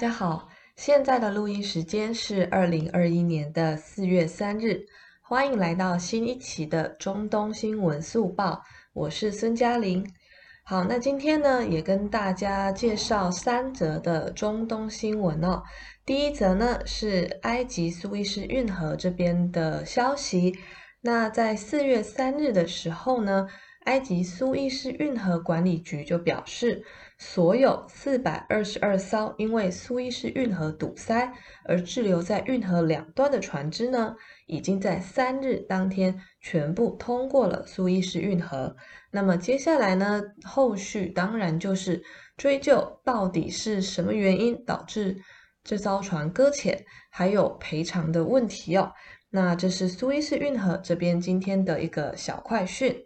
大家好，現在的錄音時間是二零二一年的四月三日，歡迎來到新一期的中東新聞速報，我是孫嘉玲。好，那今天呢也跟大家介紹三則的中東新聞哦。第一則呢是埃及蘇伊士運河這邊的消息。那在四月三日的時候呢，埃及蘇伊士運河管理局就表示，所有四百二十二艘因為蘇伊士運河堵塞而滯留在運河兩端的船隻呢，已經在三日當天全部通過了蘇伊士運河。那麼接下來呢，後續當然就是追究到底是什麼原因導致這艘船擱淺，還有賠償的問題哦。那這是蘇伊士運河這邊今天的一個小快訊。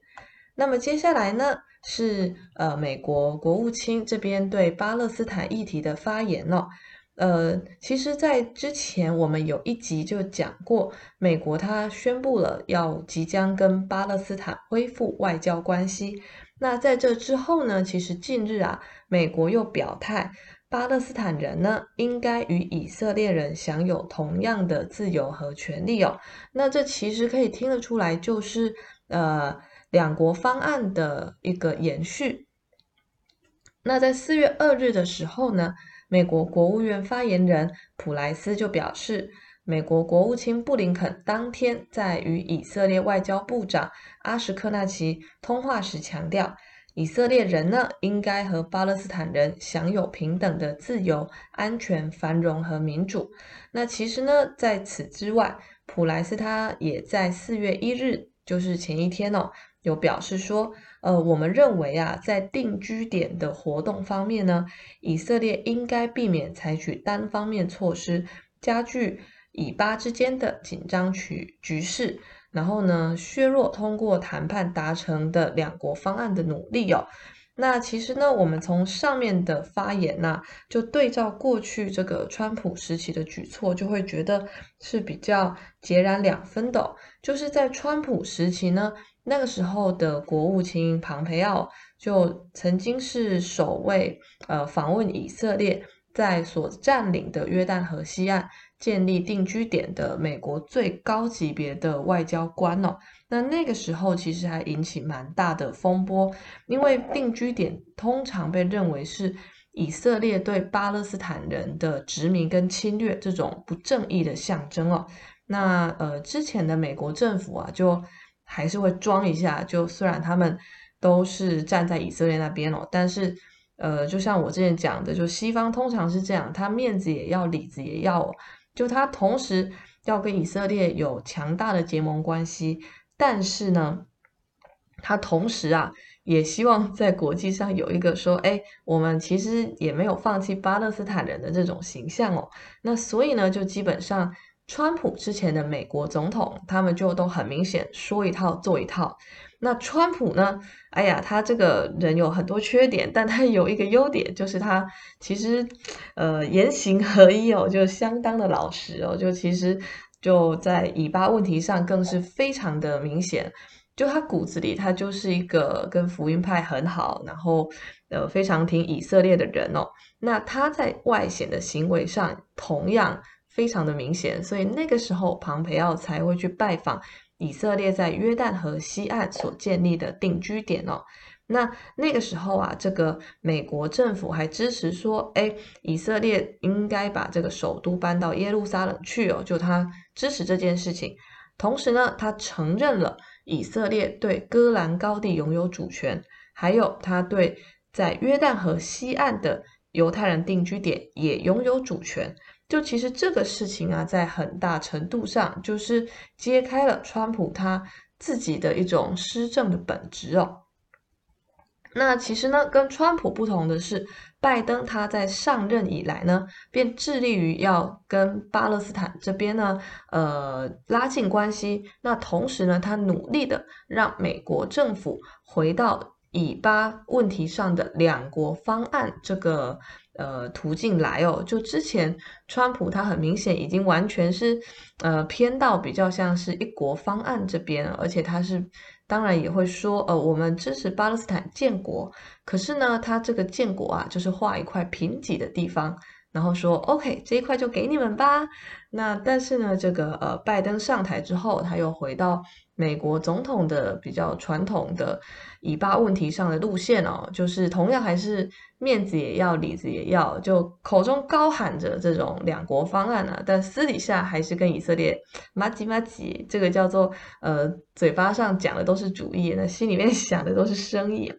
那麼接下來呢？是呃，美國國務卿這邊對巴勒斯坦議題的發言了哦。呃，其實，在之前我們有一集就講過，美國他宣佈了要即將跟巴勒斯坦恢復外交關係。那在這之後呢，其實近日啊，美國又表態，巴勒斯坦人呢應該與以色列人享有同樣的自由和權利哦。那這其實可以聽得出來，就是呃。兩國方案的一個延續。那在四月二日的時候呢，美國國務院發言人普萊斯就表示，美國國務卿布林肯當天在與以色列外交部長阿什克納奇通話時強調，以色列人呢應該和巴勒斯坦人享有平等的自由、安全、繁榮和民主。那其實呢，在此之外，普萊斯他也在四月一日，就是前一天哦，有表示說，呃，我們認為啊，在定居點的活動方面呢，以色列應該避免採取單方面措施，加劇以巴之間的緊張局局勢，然後呢，削弱通過談判達成的兩國方案的努力哦。那其實呢，我們從上面的發言呢，啊，就對照過去這個川普時期的舉措，就會覺得是比較截然兩分的，哦，就是在川普時期呢。那個時候的國務卿龐培奧就曾經是首位呃訪問以色列，在所佔領的約旦河西岸建立定居點的美國最高級別的外交官哦。那那個時候其實還引起蠻大的風波，因為定居點通常被認為是以色列對巴勒斯坦人的殖民跟侵略這種不正義的象徵哦。那呃之前的美國政府啊就。還是會裝一下，就雖然他們都是站在以色列那邊哦，但是呃，就像我之前講的，就西方通常是這樣，他面子也要，裡子也要，就他同時要跟以色列有強大的結盟關係，但是呢，他同時啊也希望在國際上有一個說，哎，我們其實也沒有放棄巴勒斯坦人的這種形象哦，那所以呢，就基本上。川普之前的美國總統，他們就都很明顯說一套做一套。那川普呢？哎呀，他這個人有很多缺點，但他有一個優點，就是他其實呃言行合一哦，就相當的老實哦。就其實就在以巴問題上，更是非常的明顯。就他骨子裡，他就是一個跟福音派很好，然後呃非常挺以色列的人哦。那他在外顯的行為上，同樣。非常的明顯，所以那個時候，龐培奧才會去拜訪以色列在約旦河西岸所建立的定居點哦。那那個時候啊，這個美國政府還支持說，哎，以色列應該把這個首都搬到耶路撒冷去哦，就他支持這件事情。同時呢，他承認了以色列對戈蘭高地擁有主權，還有他對在約旦河西岸的猶太人定居點也擁有主權。就其實這個事情啊，在很大程度上就是揭開了川普他自己的一種施政的本質哦。那其實呢，跟川普不同的是，拜登他在上任以來呢，便致力於要跟巴勒斯坦這邊呢，呃，拉近關係。那同時呢，他努力的讓美國政府回到以巴問題上的兩國方案這個。呃，途徑來哦，就之前川普他很明顯已經完全是呃偏到比較像是一國方案這邊，而且他是當然也會說，呃，我們支持巴勒斯坦建國，可是呢，他這個建國啊，就是畫一塊貧瘠的地方，然後說 OK 這一塊就給你們吧。那但是呢，這個呃，拜登上台之後，他又回到。美國總統的比較傳統的以巴問題上的路線哦，就是同樣還是面子也要，裡子也要，就口中高喊着這種兩國方案呢、啊，但私底下還是跟以色列麻吉麻吉，這個叫做呃嘴巴上講的都是主義，那心裡面想的都是生意。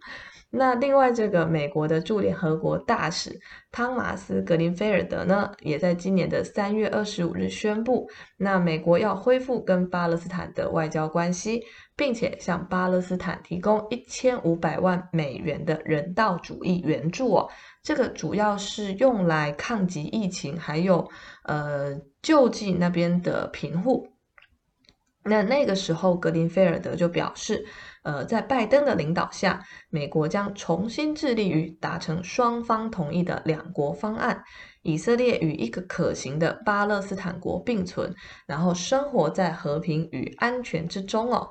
那另外，這個美國的駐聯合國大使湯馬斯·格林菲爾德呢，也在今年的三月二十五日宣佈，那美國要恢復跟巴勒斯坦的外交關係，並且向巴勒斯坦提供一千五百萬美元的人道主義援助，哦，這個主要是用來抗擊疫情，還有呃救濟那邊的貧戶。那那個時候，格林菲爾德就表示，呃，在拜登的領導下，美國將重新致力於達成雙方同意的兩國方案，以色列與一個可行的巴勒斯坦國並存，然後生活在和平與安全之中哦。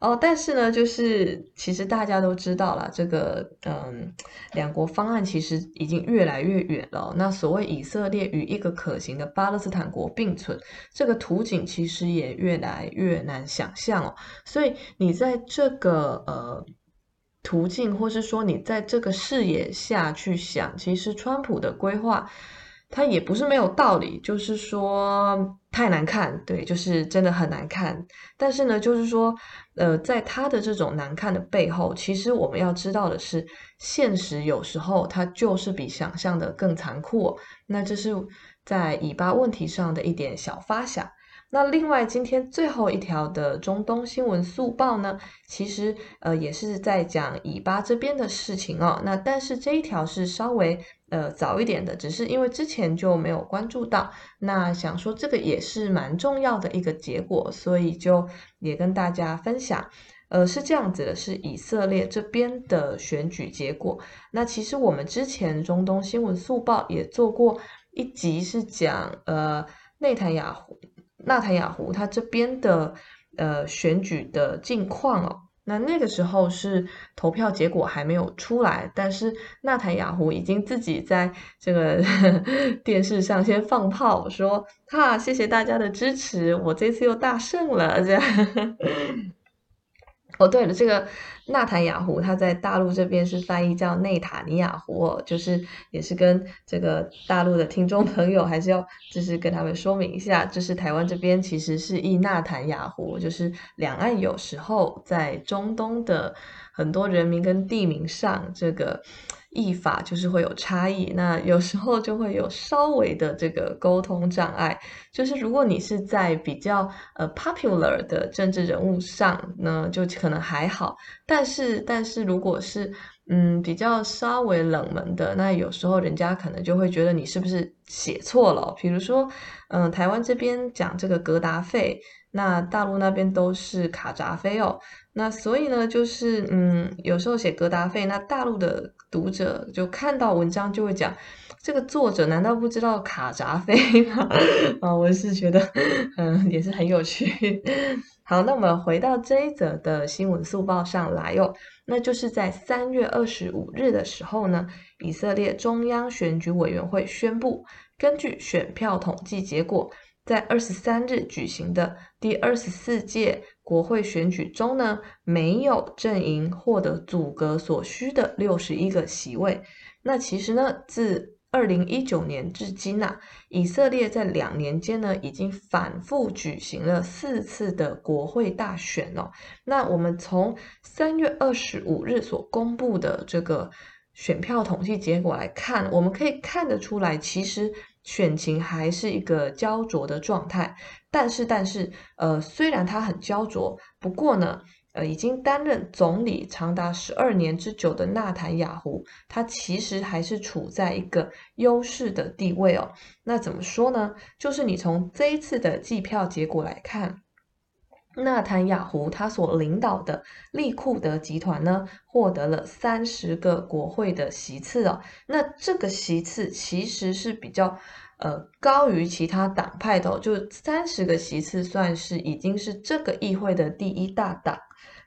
哦，但是呢，就是其實大家都知道了，這個嗯，兩國方案其實已經越來越遠了。那所謂以色列與一個可行的巴勒斯坦國並存，這個圖景其實也越來越難想象哦。所以你在這個呃途徑，或是說你在這個視野下去想，其實川普的規劃。它也不是沒有道理，就是說太難看，對，就是真的很難看。但是呢，就是說，呃，在他的這種難看的背後，其實我們要知道的是，現實有時候它就是比想象的更殘酷。那這是在以巴問題上的一點小發想。那另外今天最後一條的中東新聞速報呢，其實呃也是在講以巴這邊的事情哦。那但是這一條是稍微呃早一點的，只是因為之前就沒有關注到。那想說這個也是蠻重要的一個結果，所以就也跟大家分享。呃是這樣子的，是以色列這邊的選舉結果。那其實我們之前中東新聞速報也做過一集是講呃納坦雅胡納坦雅胡他這邊的呃選舉的近況哦,那那個時候是投票結果還沒有出來，但是納坦雅胡已經自己在這個呵電視上先放炮說：“哈，謝謝大家的支持，我這次又大勝了。”這樣， 哦，對了，這個納坦雅胡，它在大陸這邊是翻譯叫內塔尼亞胡，就是也是跟這個大陸的聽眾朋友還是要就是跟他們說明一下，就是台灣這邊其實是譯納坦雅胡，就是兩岸有時候在中東的很多人名跟地名上這個。譯法就是會有差異，那有時候就會有稍微的這個溝通障礙。就是如果你是在比較呃 popular 的政治人物上呢，那就可能還好。但是但是如果是嗯比較稍微冷門的，那有時候人家可能就會覺得你是不是寫錯了。比如說嗯、呃、台灣這邊講這個格達費。那大陸那邊都是卡扎菲哦，那所以呢，就是嗯，有時候寫格達菲。那大陸的讀者就看到文章就會講，這個作者難道不知道卡扎菲嗎？啊、 哦，我是覺得，嗯，也是很有趣。 好，那我們回到這一則的新聞速報上來哦，那就是在三月二十五日的時候呢，以色列中央選舉委員會宣布，根據選票統計結果。在二十三日舉行的第二十四屆國會選舉中呢，沒有陣營獲得組閣所需的六十一個席位。那其實呢，自二零一九年至今啊，以色列在兩年間呢，已經反覆舉行了四次的國會大選哦。那我們從三月二十五日所公布的這個選票統計結果來看，我們可以看得出來，其實。選情還是一個焦灼的狀態，但是但是，呃，雖然他很焦灼，不過呢，呃，已經擔任總理長達十二年之久的納坦雅胡，他其實還是處在一個優勢的地位哦。那怎麼說呢？就是你從這一次的計票結果來看。納坦雅胡他所領導的利庫德集團呢，獲得了三十個國會的席次哦。那這個席次其實是比較呃高於其他黨派的哦，就三十個席次算是已經是這個議會的第一大黨。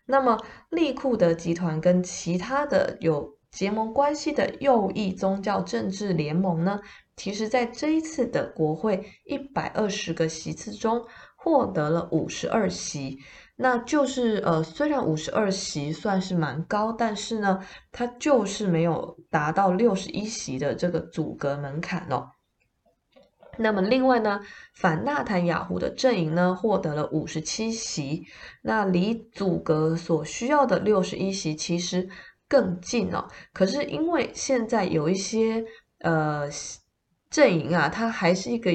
那麼利庫德集團跟其他的有結盟關係的右翼宗教政治聯盟呢，其實在這一次的國會一百二十個席次中。獲得了五十二席，那就是呃，雖然五十二席算是蠻高，但是呢，它，就是沒有達到六十一席的這個組閣門檻哦。那麼另外呢，反納坦雅胡的陣營呢，獲得了五十七席，那離組閣所需要的六十一席其實更近哦。可是因為現在有一些呃陣營啊，它還是一個。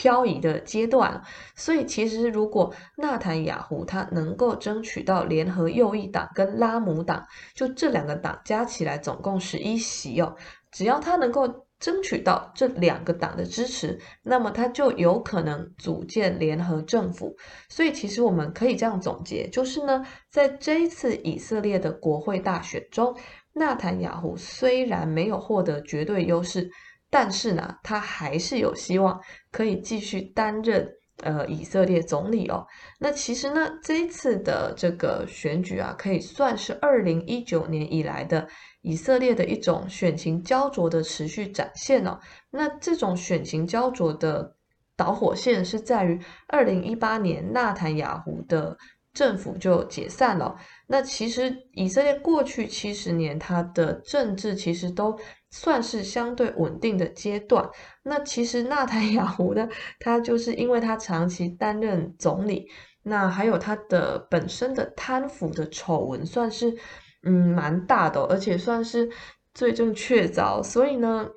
漂移的階段，所以其實如果納坦雅胡他能夠爭取到聯合右翼黨跟拉姆黨，就這兩個黨加起來總共十一席哦，只要他能夠爭取到這兩個黨的支持，那麼他就有可能組建聯合政府。所以其實我們可以這樣總結，就是呢，在這一次以色列的國會大選中，納坦雅胡雖然沒有獲得絕對優勢。但是呢，他還是有希望可以繼續擔任呃以色列總理哦。那其實呢，這一次的這個選舉啊，可以算是二零一九年以來的以色列的一種選情膠著的持續展現哦。那這種選情膠著的導火線是在於二零一八年納坦雅胡的。政府就解散了、哦。那其實以色列過去七十年，它的政治其實都算是相對穩定的階段。那其實納坦雅胡呢，他就是因為他長期擔任總理，那還有他的本身的貪腐的醜聞，算是嗯蠻大的、哦，而且算是罪證確鑿。所以呢。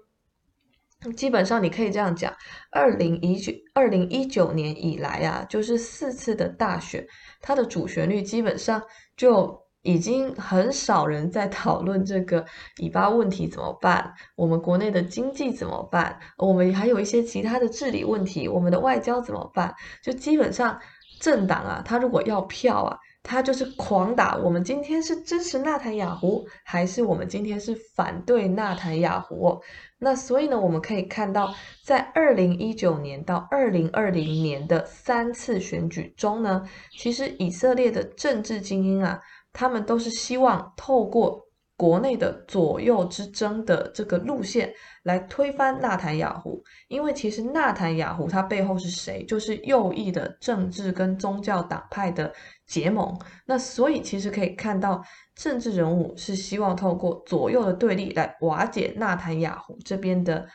基本上你可以這樣講，二零一九二零一九年以來啊，就是四次的大選，它的主旋律基本上就已經很少人在討論這個以巴問題怎麼辦，我們國內的經濟怎麼辦，我們還有一些其他的治理問題，我們的外交怎麼辦，就基本上政黨啊，他如果要票啊。他就是狂打我們。今天是支持納坦雅胡，還是我們今天是反對納坦雅胡？哦，那所以呢，我們可以看到，在二零一九年到二零二零年的三次選舉中呢，其實以色列的政治精英啊，他們都是希望透過國內的左右之爭的這個路線來推翻納坦雅胡，因為其實納坦雅胡他背後是誰？就是右翼的政治跟宗教黨派的。結盟，那所以其實可以看到，政治人物是希望透過左右的對立來瓦解納坦雅胡這邊的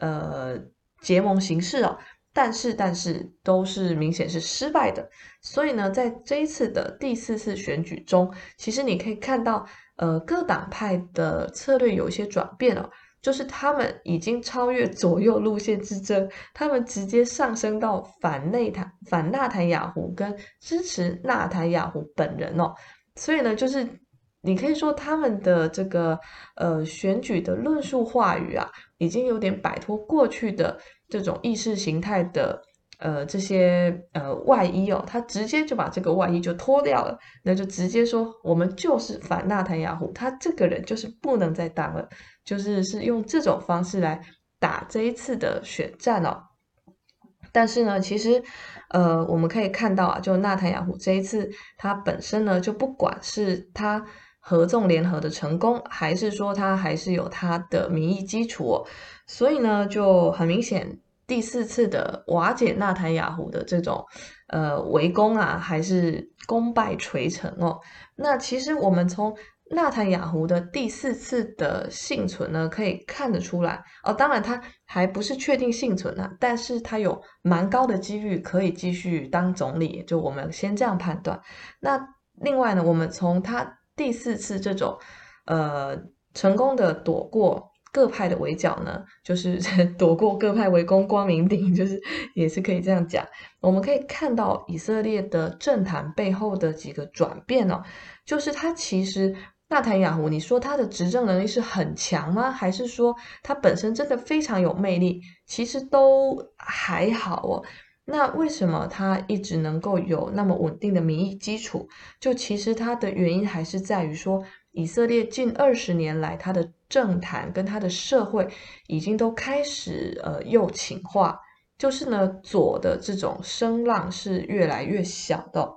呃結盟形式啊，但是但是都是明顯是失敗的。所以呢，在這一次的第四次選舉中，其實你可以看到，呃，各黨派的策略有一些轉變了啊。就是他們已經超越左右路線之爭，他們直接上升到反內坦，反納坦雅胡跟支持納坦雅胡本人哦，所以呢，就是你可以說他們的這個呃選舉的論述話語啊，已經有點擺脫過去的這種意識形態的。呃，這些呃外衣哦，他直接就把這個外衣就脫掉了，那就直接說我們就是反納坦雅胡，他這個人就是不能再當了，就是是用這種方式來打這一次的選戰哦。但是呢，其實呃，我們可以看到啊，就納坦雅胡這一次，他本身呢，就不管是他合縱聯合的成功，還是說他還是有他的民意基礎哦，所以呢，就很明顯。第四次的瓦解納坦雅胡的這種，呃，圍攻啊，還是功敗垂成哦。那其實我們從納坦雅胡的第四次的倖存呢，可以看得出來哦。當然，他還不是確定倖存啊，但是他有蠻高的幾率可以繼續當總理，就我們先這樣判斷。那另外呢，我們從他第四次這種，呃，成功的躲過。各派的圍剿呢，就是躲過各派圍攻光明頂，就是也是可以這樣講。我們可以看到以色列的政壇背後的幾個轉變哦，就是他其實納坦雅胡，你說他的執政能力是很強嗎？還是說他本身真的非常有魅力？其實都還好哦。那為什麼他一直能夠有那麼穩定的民意基礎？就其實他的原因還是在於說，以色列近二十年來他的。政壇跟他的社會已經都開始呃右傾化，就是呢左的這種聲浪是越來越小的哦。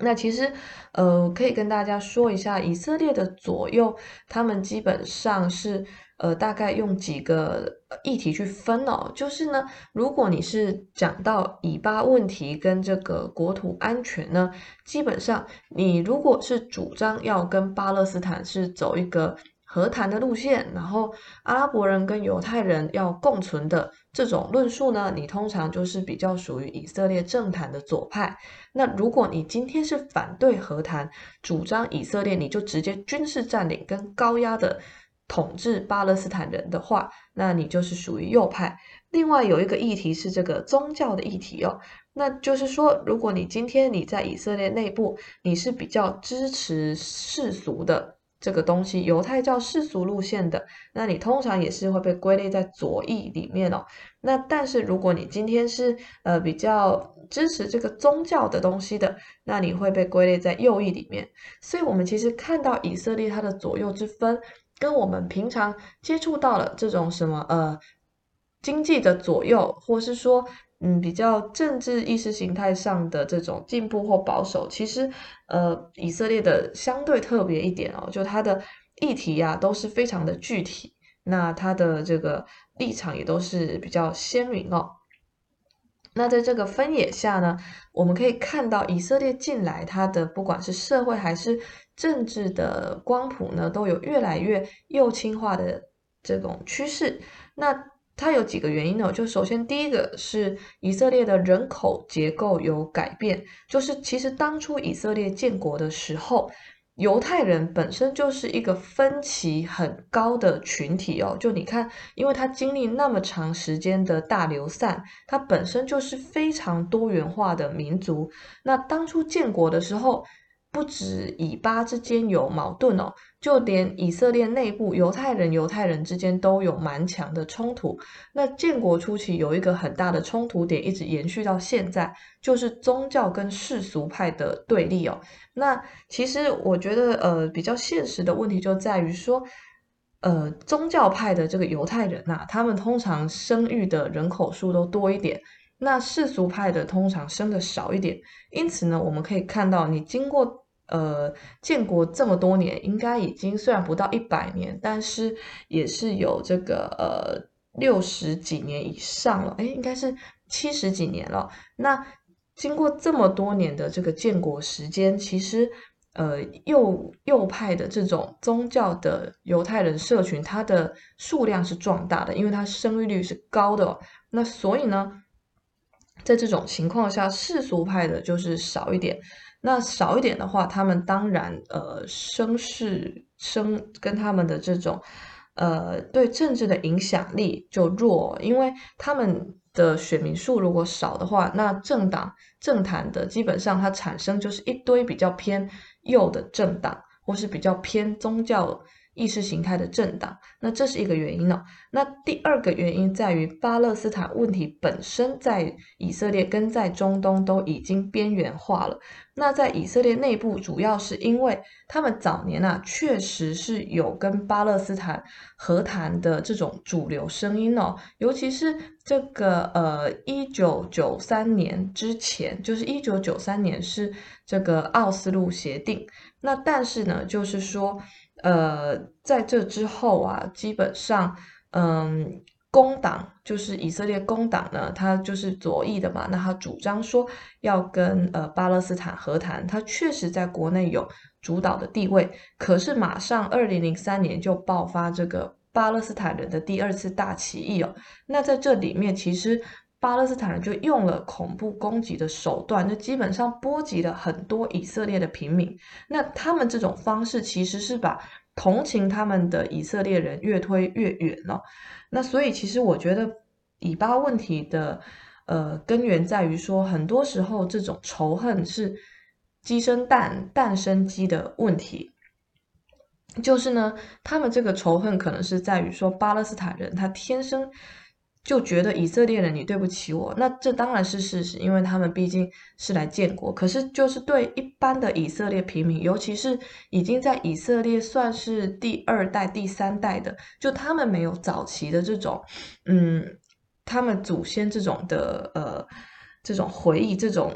那其實呃可以跟大家說一下，以色列的左右他們基本上是呃大概用幾個議題去分哦，就是呢，如果你是講到以巴問題跟這個國土安全呢，基本上你如果是主張要跟巴勒斯坦是走一個。和談的路線，然後阿拉伯人跟猶太人要共存的這種論述呢，你通常就是比較屬於以色列政壇的左派。那如果你今天是反對和談，主張以色列，你就直接軍事佔領跟高壓的統治巴勒斯坦人的話，那你就是屬於右派。另外有一個議題是這個宗教的議題哦，那就是說，如果你今天你在以色列內部，你是比較支持世俗的。這個東西，猶太教世俗路線的，那你通常也是會被歸類在左翼裡面哦。那但是如果你今天是呃比較支持這個宗教的東西的，那你會被歸類在右翼裡面。所以，我們其實看到以色列它的左右之分，跟我們平常接觸到了這種什麼呃。經濟的左右，或是說，嗯，比較政治意識形態上的這種進步或保守，其實，呃，以色列的相對特別一點哦，就它的議題呀、啊、都是非常的具體，那它的這個立場也都是比較鮮明哦。那在這個分野下呢，我們可以看到以色列近來它的不管是社會還是政治的光譜呢，都有越來越右傾化的這種趨勢。那它有幾個原因呢？哦，就首先，第一個是以色列的人口結構有改變，就是其實當初以色列建國的時候，猶太人本身就是一個分歧很高的群體哦。就你看，因為它經歷那麼長時間的大流散，它本身就是非常多元化的民族。那當初建國的時候，不止以巴之間有矛盾哦。就連以色列內部猶太人、猶太人之間都有蠻強的衝突。那建國初期有一個很大的衝突點，一直延續到現在，就是宗教跟世俗派的對立哦。那其實我覺得，呃，比較現實的問題就在於說，呃，宗教派的這個猶太人吶、啊，他們通常生育的人口數都多一點，那世俗派的通常生的少一點。因此呢，我們可以看到，你經過。呃，建國這麼多年，應該已經雖然不到一百年，但是也是有這個呃六十幾年以上了，哎，應該是七十幾年了。那經過這麼多年的這個建國時間，其實呃右右派的這種宗教的猶太人社群，它的數量是壯大的，因為它生育率是高的。那所以呢，在這種情況下，世俗派的就是少一點。那少一點的話，他們當然呃聲勢聲跟他們的這種，呃對政治的影響力就弱，因為他們的選民數如果少的話，那政黨政壇的基本上它產生就是一堆比較偏右的政黨，或是比較偏宗教。意識形態的政黨，那這是一個原因呢、哦。那第二個原因在於巴勒斯坦問題本身在以色列跟在中東都已經邊緣化了。那在以色列內部，主要是因為他們早年啊確實是有跟巴勒斯坦和談的這種主流聲音哦，尤其是這個呃一九九三年之前，就是一九九三年是這個奧斯陸協定。那但是呢，就是說。呃，在這之後啊，基本上，嗯、呃，工黨就是以色列工黨呢，他就是左翼的嘛。那他主張說要跟呃巴勒斯坦和談，他確實在國內有主導的地位。可是馬上二零零三年就爆發這個巴勒斯坦人的第二次大起義哦。那在這裡面其實。巴勒斯坦人就用了恐怖攻擊的手段，就基本上波及了很多以色列的平民。那他們這種方式其實是把同情他們的以色列人越推越遠了，哦。那所以，其實我覺得以巴問題的呃根源在於說，很多時候這種仇恨是雞生蛋，蛋生雞的問題。就是呢，他們這個仇恨可能是在於說巴勒斯坦人他天生。就覺得以色列人你對不起我，那這當然是事實，因為他們畢竟是來建國。可是，就是對一般的以色列平民，尤其是已經在以色列算是第二代、第三代的，就他們沒有早期的這種，嗯，他們祖先這種的呃，這種回憶、這種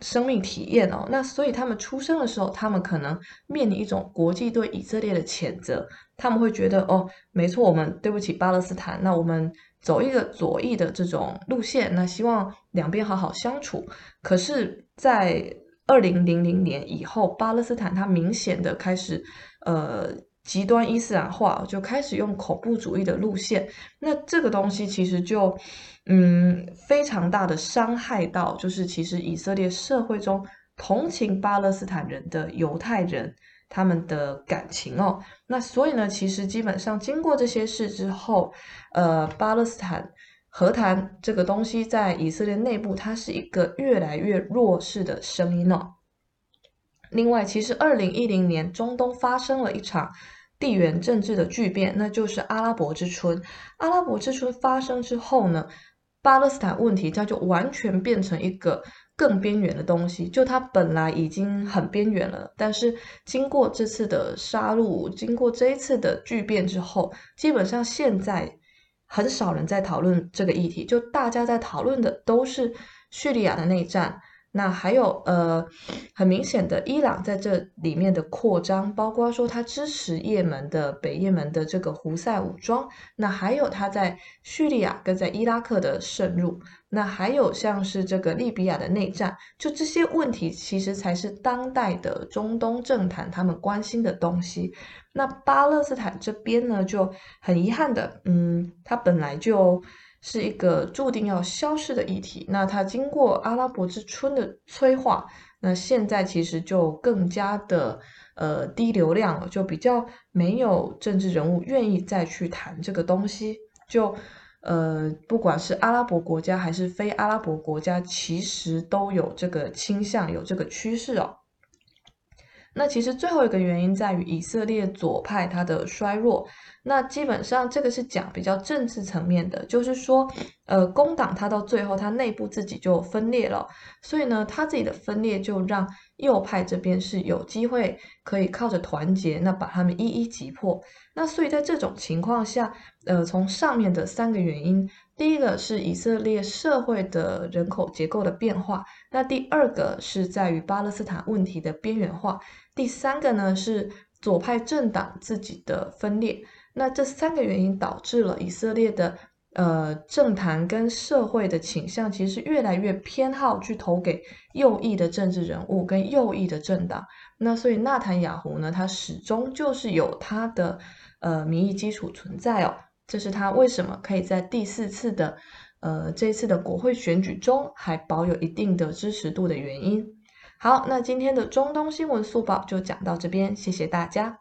生命體驗哦。那所以他們出生的時候，他們可能面臨一種國際對以色列的譴責，他們會覺得哦，沒錯，我們對不起巴勒斯坦，那我們。走一個左翼的這種路線，那希望兩邊好好相處。可是，在二零零零年以後，巴勒斯坦他明顯的開始，呃，極端伊斯蘭化，就開始用恐怖主義的路線。那這個東西其實就，嗯，非常大的傷害到，就是其實以色列社會中。同情巴勒斯坦人的猶太人，他們的感情哦。那所以呢，其實基本上經過這些事之後，呃，巴勒斯坦和談這個東西在以色列內部，它是一個越來越弱勢的聲音哦。另外，其實二零一零年中東發生了一場地緣政治的巨變，那就是阿拉伯之春。阿拉伯之春發生之後呢，巴勒斯坦問題它就完全變成一個。更邊緣的東西，就它本來已經很邊緣了，但是經過這次的殺戮，經過這一次的巨變之後，基本上現在很少人在討論這個議題，就大家在討論的都是敘利亞的內戰。那還有呃，很明顯的伊朗在這裡面的擴張，包括說他支持葉門的北葉門的這個胡塞武裝，那還有他在敘利亞跟在伊拉克的滲入，那還有像是這個利比亞的內戰，就這些問題其實才是當代的中東政壇他們關心的東西。那巴勒斯坦這邊呢，就很遺憾的，嗯，他本來就。是一個注定要消失的議題。那它經過阿拉伯之春的催化，那現在其實就更加的呃低流量了，就比較沒有政治人物願意再去談這個東西。就呃，不管是阿拉伯國家還是非阿拉伯國家，其實都有這個傾向，有這個趨勢哦。那其實最後一個原因在於以色列左派它的衰弱。那基本上這個是講比較政治層面的，就是說，呃，工黨它到最後它內部自己就分裂了，所以呢，它自己的分裂就讓右派這邊是有機會可以靠着團結，那把他們一一擊破。那所以在這種情況下，呃，從上面的三個原因，第一個是以色列社會的人口結構的變化，那第二個是在於巴勒斯坦問題的邊緣化。第三個呢，是左派政黨自己的分裂，那這三個原因導致了以色列的呃政壇跟社會的傾向，其實越來越偏好去投給右翼的政治人物跟右翼的政黨。那所以納坦雅胡呢，他始終就是有他的呃民意基礎存在哦，這是他為什麼可以在第四次的呃這次的國會選舉中還保有一定的支持度的原因。好，那今天的中東新聞速報就講到這邊，謝謝大家。